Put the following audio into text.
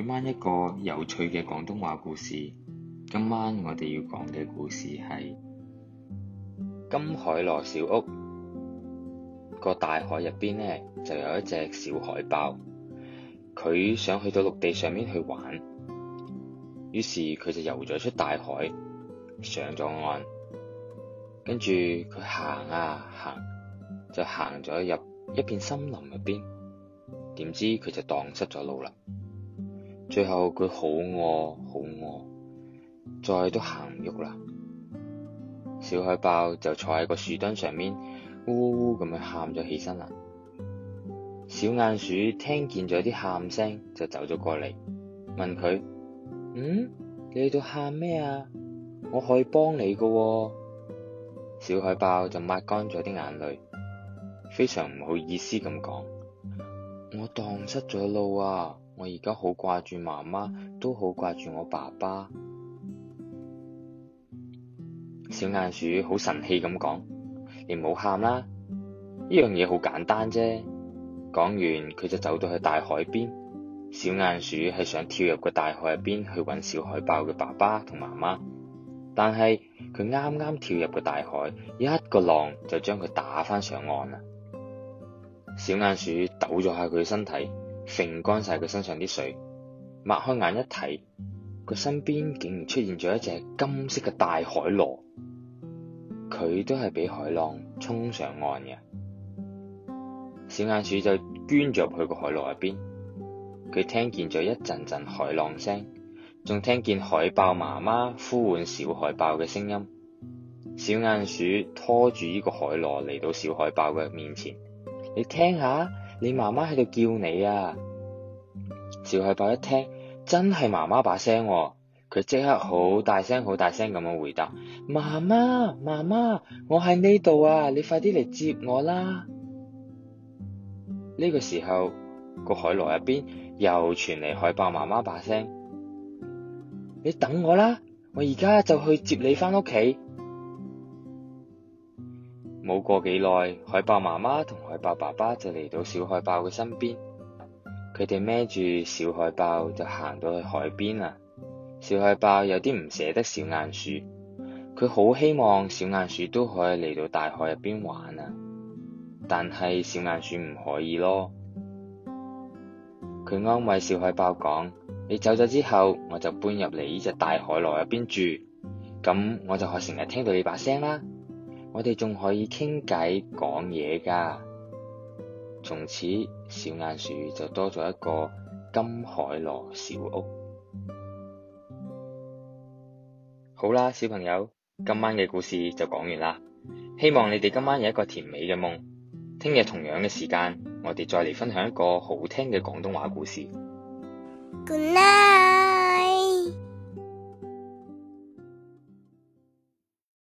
每晚一個有趣嘅廣東話故事。今晚我哋要講嘅故事係《金海螺小屋》那，個大海入邊呢，就有一隻小海豹，佢想去到陸地上面去玩，於是佢就游咗出大海，上咗岸，跟住佢行啊行，就行咗入一片森林入邊，點知佢就蕩失咗路啦。最後佢好餓，好餓，再都行唔喐啦。小海豹就坐喺個樹墩上面，嗚嗚咁樣喊咗起身啦。小鼴鼠聽見咗啲喊聲，就走咗過嚟，問佢：嗯，你喺度喊咩啊？我可以幫你噶。小海豹就抹乾咗啲眼淚，非常唔好意思咁講：我蕩失咗路啊。我而家好掛住媽媽，都好掛住我爸爸。小鼴鼠好神氣咁講，你唔好喊啦！呢樣嘢好簡單啫。講完佢就走到去大海邊。小鼴鼠係想跳入個大海入邊去搵小海豹嘅爸爸同媽媽，但係佢啱啱跳入個大海，一個浪就將佢打返上岸啦。小鼴鼠抖咗下佢身體。揈乾晒佢身上啲水，擘開眼一睇，佢身邊竟然出現咗一隻金色嘅大海螺，佢都係俾海浪沖上岸嘅。小鼴鼠就捐咗入去個海螺入邊，佢聽見咗一陣陣海浪聲，仲聽見海豹媽媽呼喚小海豹嘅聲音。小鼴鼠拖住依個海螺嚟到小海豹嘅面前，你聽下。你媽媽喺度叫你啊！小海豹一聽，真係媽媽把聲啊，佢即刻好大聲、好大聲咁樣回答：媽媽，媽媽，我喺呢度啊！你快啲嚟接我啦！呢個時候，個海螺入邊又傳嚟海豹媽媽把聲：你等我啦，我而家就去接你翻屋企。冇過幾耐，海豹媽媽同海豹爸爸就嚟到小海豹嘅身邊，佢哋孭住小海豹就行到去海邊啦。小海豹有啲唔捨得小鼴鼠，佢好希望小鼴鼠都可以嚟到大海入邊玩啊，但係小鼴鼠唔可以咯。佢安慰小海豹講：「你走咗之後，我就搬入嚟呢隻大海螺入邊住，咁我就可以成日聽到你把聲啦。我哋仲可以傾偈講嘢㗎。從此小鼴鼠就多咗一個金海螺小屋。好啦，小朋友，今晚嘅故事就講完啦，希望你哋今晚有一個甜美嘅夢。聽日同樣嘅時間，我哋再嚟分享一個好聽嘅廣東話故事。